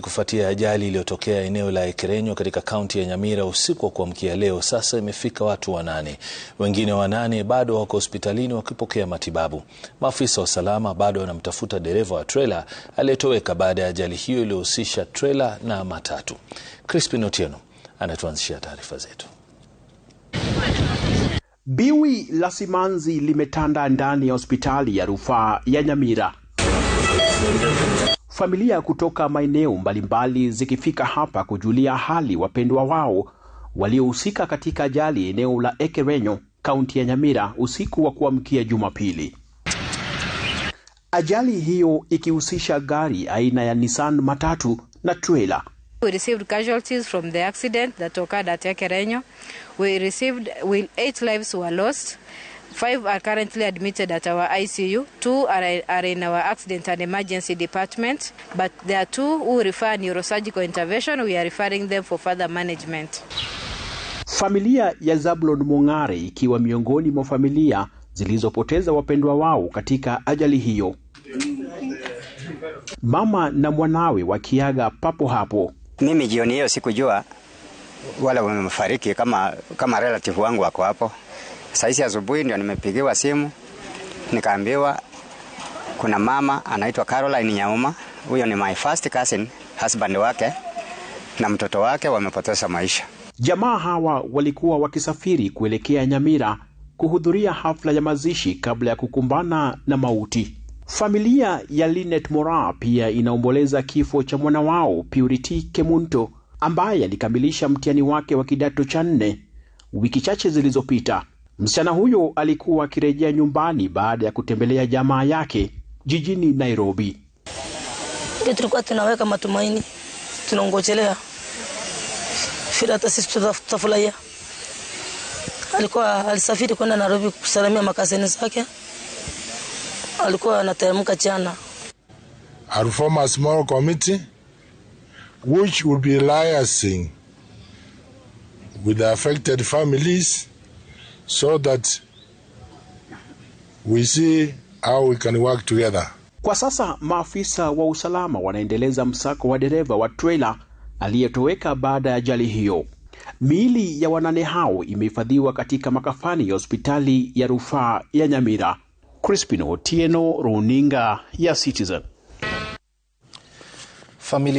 Kufuatia ajali iliyotokea eneo la Ekerenyo katika kaunti ya Nyamira usiku wa kuamkia leo, sasa imefika watu wanane. Wengine wanane bado wako hospitalini wakipokea matibabu. Maafisa wa usalama bado wanamtafuta dereva wa trela aliyetoweka baada ya ajali hiyo iliyohusisha trela na matatu. Crispin Otieno anatuanzishia taarifa zetu. Biwi la simanzi limetanda ndani ya hospitali ya rufaa ya Nyamira familia kutoka maeneo mbalimbali zikifika hapa kujulia hali wapendwa wao waliohusika katika ajali eneo la Ekerenyo, kaunti ya Nyamira, usiku wa kuamkia Jumapili. Ajali hiyo ikihusisha gari aina ya Nissan matatu na trailer. We received casualties from the accident that occurred at Ekerenyo. We received, we, eight lives were lost. Five are currently admitted at our ICU. Two are, are in our accident and emergency department, but there are two who refer neurosurgical intervention. We are referring them for further management. Familia ya Zablon Mong'are ikiwa miongoni mwa familia zilizopoteza wapendwa wao katika ajali hiyo. Mama na mwanawe wakiaga papo hapo. Mimi jioni hiyo sikujua wala wamefariki, kama, kama relative wangu wako hapo Saisi asubuhi ndio nimepigiwa simu nikaambiwa kuna mama anaitwa Caroline Nyauma, huyo ni my first cousin, husband wake na mtoto wake wamepoteza maisha. Jamaa hawa walikuwa wakisafiri kuelekea Nyamira kuhudhuria hafla ya mazishi kabla ya kukumbana na mauti. Familia ya Linet Mora pia inaomboleza kifo cha mwana wao Purity Kemunto ambaye alikamilisha mtihani wake wa kidato cha nne wiki chache zilizopita. Msichana huyo alikuwa akirejea nyumbani baada ya kutembelea jamaa yake jijini Nairobi. Tulikuwa tunaweka matumaini, tunaongojelea fira, hata sisi tutafurahia. Alikuwa alisafiri kwenda Nairobi kusalamia makazini zake, alikuwa anateremka jana. small committee which be liaising with the affected families so that we see how we can work together. Kwa sasa maafisa wa usalama wanaendeleza msako wa dereva wa trela aliyetoweka baada ya ajali hiyo. Miili ya wanane hao imehifadhiwa katika makafani ya hospitali ya rufaa ya Nyamira. Crispin Otieno, runinga ya Citizen. Familia